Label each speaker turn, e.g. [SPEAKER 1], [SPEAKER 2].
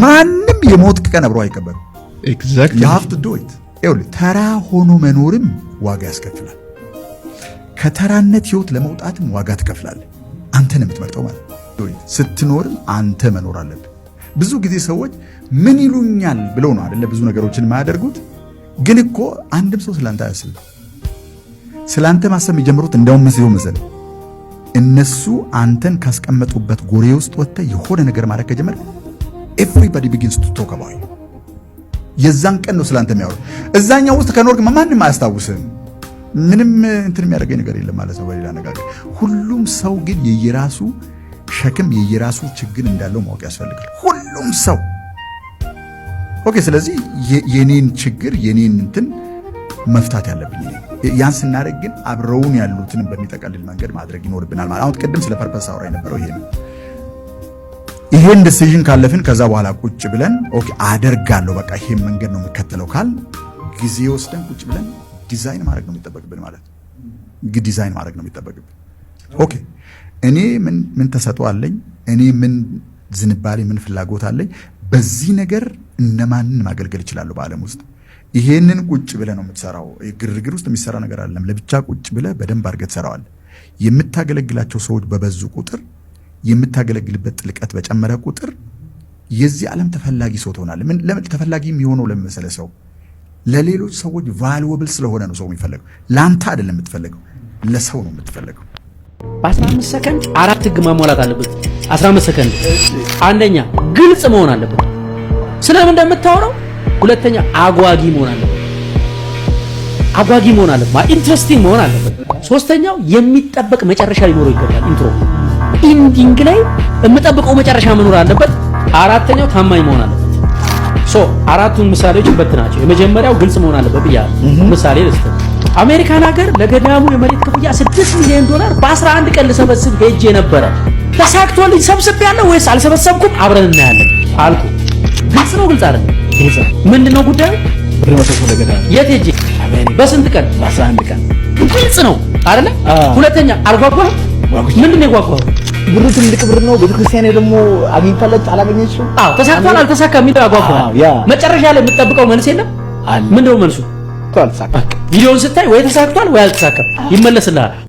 [SPEAKER 1] ማንም የሞት ቀን አብሮ አይቀበርም። ተራ ሆኖ መኖርም ዋጋ ያስከፍላል። ከተራነት ህይወት ለመውጣትም ዋጋ ትከፍላለህ። አንተን የምትመርጠው ማለት ስትኖርም አንተ መኖር አለብህ። ብዙ ጊዜ ሰዎች ምን ይሉኛል ብለው ነው አይደለ ብዙ ነገሮችን የማያደርጉት። ግን እኮ አንድም ሰው ስለአንተ አያስብም። ስለአንተ ማሰብ የሚጀምሩት እንደውም ምን መሰል እነሱ አንተን ካስቀመጡበት ጎሬ ውስጥ ወጥተህ የሆነ ነገር ማድረግ ከጀመርክ ኤቭሪባዲ ቢጊንስ ቱ ቶክ አባውት ዩ። የዛን ቀን ነው ስላንተ የሚያወሩት። እዛኛው ውስጥ ከኖርክ ማንም አያስታውስህም። ምንም እንትን የሚያደርገኝ ነገር የለም ማለት ነው። በሌላ አነጋገር ሁሉም ሰው ግን የየራሱ ሸክም የየራሱ ችግር እንዳለው ማወቅ ያስፈልጋል። ሁሉም ሰው ኦኬ። ስለዚህ የኔን ችግር የኔን እንትን መፍታት ያለብኝ ያን ስናደርግ ግን አብረውን ያሉትን በሚጠቀልል መንገድ ማድረግ ይኖርብናል። ማለት አሁን ቅድም ስለ ፐርፐስ አውራ የነበረው ይሄ ነው። ይሄን ዲሲዥን ካለፍን ከዛ በኋላ ቁጭ ብለን ኦኬ አደርጋለሁ በቃ ይሄን መንገድ ነው የምከተለው ካል ጊዜ ወስደን ቁጭ ብለን ዲዛይን ማድረግ ነው የሚጠበቅብን። ማለት ዲዛይን ማድረግ ነው የሚጠበቅብን። ኦኬ እኔ ምን ምን ተሰጥኦ አለኝ? እኔ ምን ዝንባሌ፣ ምን ፍላጎት አለኝ? በዚህ ነገር እነማንን ማገልገል እችላለሁ በዓለም ውስጥ ይሄንን ቁጭ ብለህ ነው የምትሰራው። ግርግር ውስጥ የሚሰራ ነገር አይደለም። ለብቻ ቁጭ ብለህ በደንብ አድርገህ ትሰራዋለህ። የምታገለግላቸው ሰዎች በበዙ ቁጥር የምታገለግልበት ጥልቀት በጨመረ ቁጥር የዚህ ዓለም ተፈላጊ ሰው ትሆናለህ። ምን ለምን ተፈላጊ የሚሆነው ለምን ሰው ለሌሎች ሰዎች ቫልዩብል ስለሆነ ነው ሰው የሚፈለገው። ለአንተ አይደለም የምትፈለገው፣ ለሰው ነው የምትፈለገው።
[SPEAKER 2] በ15 ሰከንድ አራት ህግ ማሟላት አለበት። 15 ሰከንድ፣ አንደኛ ግልጽ መሆን አለበት ስለምን እንደምታወራው፣ ሁለተኛ አጓጊ መሆን አለበት አጓጊ መሆን አለበት፣ ኢንትረስቲንግ መሆን አለበት። ሶስተኛው የሚጠበቅ መጨረሻ ሊኖረው ይገባል ኢንትሮ ኢንዲንግ ላይ የምጠብቀው መጨረሻ መኖር አለበት። አራተኛው ታማኝ መሆን አለበት። ሶ አራቱን ምሳሌዎች ናቸው የመጀመሪያው ግልጽ መሆን አለበት ብያለሁ። ምሳሌ ልስጥ። አሜሪካን ሀገር ለገዳሙ የመሬት ክፍያ 6 ሚሊዮን ዶላር በ11 ቀን ልሰበስብ ሄጄ ነበረ። ተሳክቶልኝ ሰብስብ ያለው ወይስ አልሰበሰብኩም? አብረን እናያለን አልኩ። ግልጽ ነው ግልጽ አይደል? ግልጽ ነው። ምንድነው ጉዳዩ? የት ሄጄ በስንት ቀን?
[SPEAKER 3] በ11 ቀን።
[SPEAKER 2] ግልጽ ነው አይደለ? ሁለተኛ አልጓጓህም። ምንድነው የጓጓኸው?
[SPEAKER 3] ብሩ ትልቅ ብር ነው። ቤተክርስቲያን ደግሞ አግኝታለች አላገኘችም?
[SPEAKER 2] አዎ ተሳክቷል አልተሳካ የሚለው ያጓጓል። መጨረሻ ላይ የምትጠብቀው መልስ የለም። ምንድነው መልሱ? ቪዲዮውን ስታይ ወይ ተሳክቷል ወይ አልተሳካም ይመለስልሃል።